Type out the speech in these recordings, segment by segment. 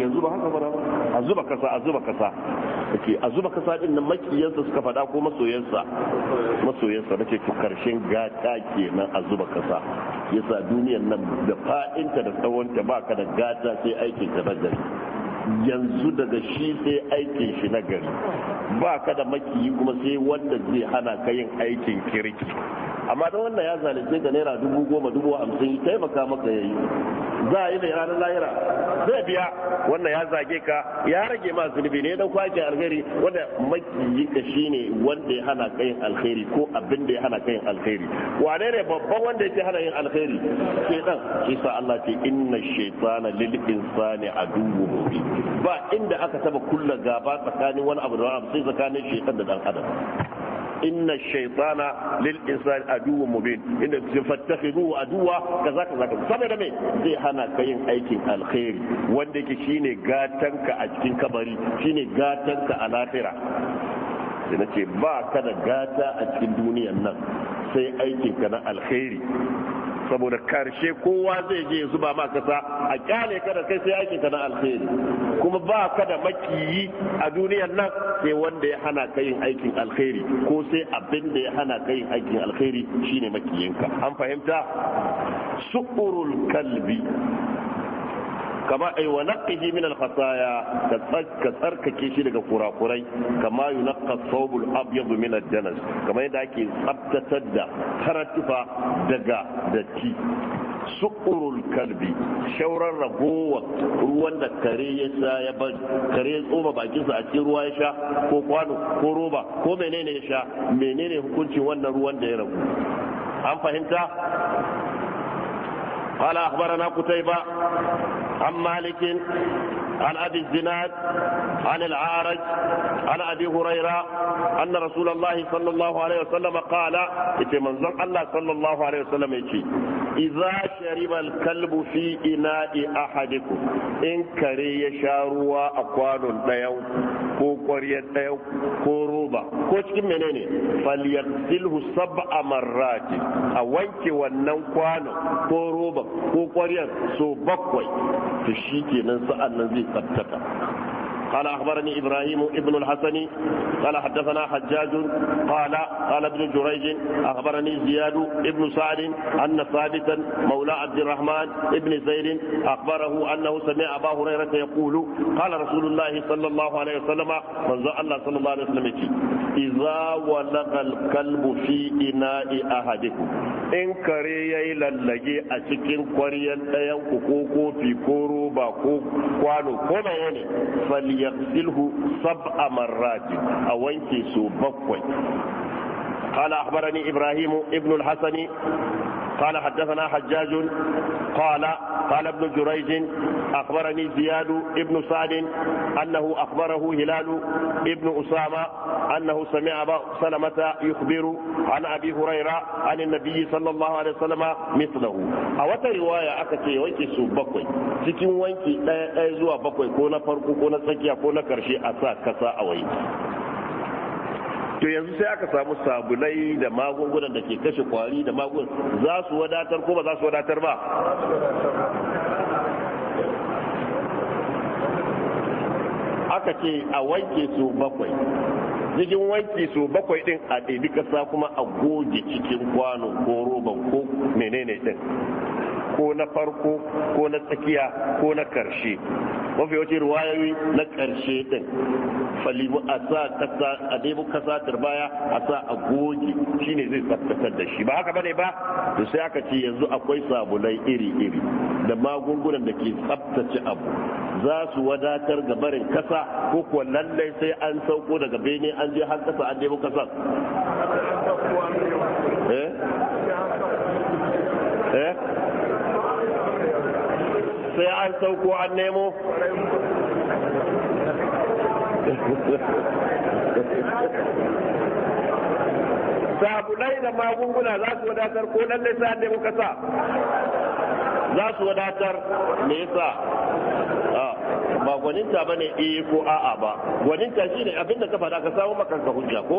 yanzu ba haka fara a zuba kasa a zuba kasa take a zuba kasa din nan makiyansa suka faɗa ko masoyansa masoyansa nake to karshen gata kenan a zuba kasa yasa duniyar nan da fa'inta da tsawonta ba ka da gata sai aikin ta na gari yanzu daga shi sai aikin shi na gari ba ka da makiyi kuma sai wanda zai hana ka yin aikin kirki amma dan wannan ya zalunce ka naira dubu goma dubu hamsin taimaka maka yayi za a yi da ranar lahira zai biya wannan ya zage ka ya rage ma zunubi ne dan kwaki alheri wanda makiyi ka shine wanda ya hana ka alheri ko abin da ya hana ka yin alheri wane ne babban wanda yake hana yin alheri shedan shi sa Allah ce inna shaytana lil insani aduwwun ba inda aka taba kulla gaba tsakanin wani abu da wani abu sai tsakanin shaytan da dan adam inna shaytana lil insani aduwwun mubin inda su fattakhiduhu aduwa kaza kaza saboda me zai hana ka yin aikin alkhairi wanda yake shine gatanka a cikin kabari shine gatanka a lahira sai nace ba ka da gata a cikin duniyar nan sai aikinka na alkhairi saboda karshe kowa zai je zuba ma kasa a kyale kada kai sai aikin ka na alheri kuma ba ka da makiyi a duniyar nan sai wanda ya hana ka yin aikin alheri ko sai abin da ya hana ka yin aikin alheri shine makiyinka an fahimta su'urul kalbi kama ai wa naqqihi min al khataaya ka tsarkake shi daga kurakurai kama yunqqa thawbul abyad min ad-danas kama yadda ake tsabtatar da taratufa daga datti sukurul kalbi shauran ragowa ruwan da kare ya sa ya bari kare ya tsoma sa a cikin ruwa ya sha ko kwano ko roba ko menene ya sha menene hukuncin wannan ruwan da ya ragu an fahimta قال أخبرنا قتيبة عن مالك عن ابي الزناد عن العارج عن ابي هريره ان رسول الله صلى الله عليه وسلم قال في منزل الله صلى الله عليه وسلم يجي إذا شرب الكلب في إناء أحدكم إن كري يشاروا أقوال ديو ko ƙwaryar ɗaya ko roba ko cikin menene falyaghsilhu sab'a marrati a wanke wannan kwano ko roba ko kwaryar so bakwai to shikenan sa'an nan zai tsaftata قال أخبرني إبراهيم ابن الحسن قال حدثنا حجاج قال قال ابن جريج أخبرني زياد ابن سعد أن ثابتا مولى عبد الرحمن ابن زيد أخبره أنه سمع أبا هريرة يقول قال رسول الله صلى الله عليه وسلم من الله صلى الله عليه وسلم إذا ولغ الكلب في إناء أحدكم in kare ya yi lallage a cikin kwaryan ɗayan ku ko kofi ko roba ko kwano ko mai ne yaghsilhu sab'a marrat a wanke su bakwai قال أخبرني إبراهيم ابن الحسن قال حدثنا حجاج قال قال ابن جريج أخبرني زياد ابن سعد أنه أخبره هلال ابن أسامة أنه سمع سلمة يخبر عن أبي هريرة عن النبي صلى الله عليه وسلم مثله أو رواية أكتي ويكي سو بكوي سكين ويكي أزوا بكوي كونا فرقو كونا سكيا كونا كرشي أسا كسا أوي to yanzu sai aka samu sabulai da magungunan da ke kashe kwari da magun za su wadatar ko ba za su wadatar ba aka ce a wanke su bakwai jikin wanki su bakwai din a ɗabi ƙasa kuma a goge cikin kwano ko roban ko menene din ko na farko ko na tsakiya ko na ƙarshe. mafi yawancin ruwayoyi na karshe din falibu a sa kasa a daibu kasa turbaya a sa a goge shine zai tsaftatar da shi ba haka bane ba to sai aka ce yanzu akwai sabulai iri-iri da magungunan da ke tsaftace abu za su wadatar ga barin kasa ko kuwa lallai sai an sauko daga bene an je har kasa an daibu kasa eh? sauko an nemo sabulai da magunguna za su wadatar ko dan da muka sa za su wadatar me yasa ba gwaninta ba ne eh ko a'a ba gwaninta shi ne abinda ka faɗa ka samu makanka hujja ko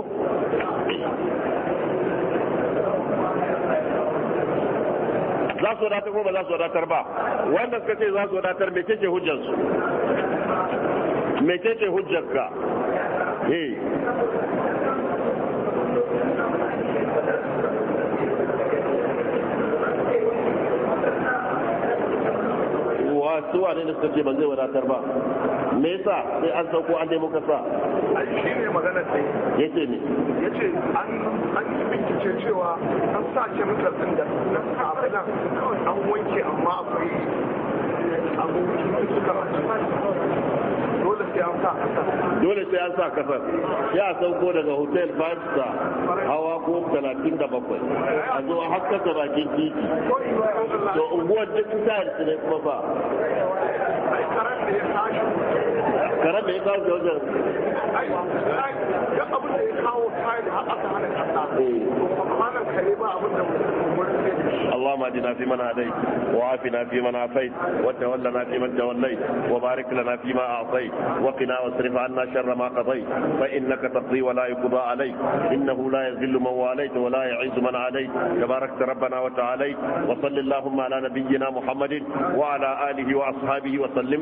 za su wadatar ko ba za su wadatar ba wanda suka ce za su wadatar me kake hujjar su me kake hujjar ka eh. su wane da suka ce ba zai wadatar ba me yasa sai an sauko an dai muka sa shi ne magana sai yace ne yace an an yi bincike cewa an sa ce mutum da na sa kawai an wanke amma akwai abu suka dole sai an sa kasar ya sauko daga hotel five hawa ko 37 a zo har bakin titi to unguwar duk ta ne kuma ba karar da ya kawo اللهم اهدنا فيمن هديت وعافنا فيمن عافيت وتولنا فيمن توليت وبارك لنا فيما اعطيت وقنا واصرف عنا شر ما قضيت فانك تقضي ولا يقضى عليك انه لا يذل من واليت ولا يعز من عليت تباركت ربنا وتعاليت وصل اللهم على نبينا محمد وعلى اله واصحابه وسلم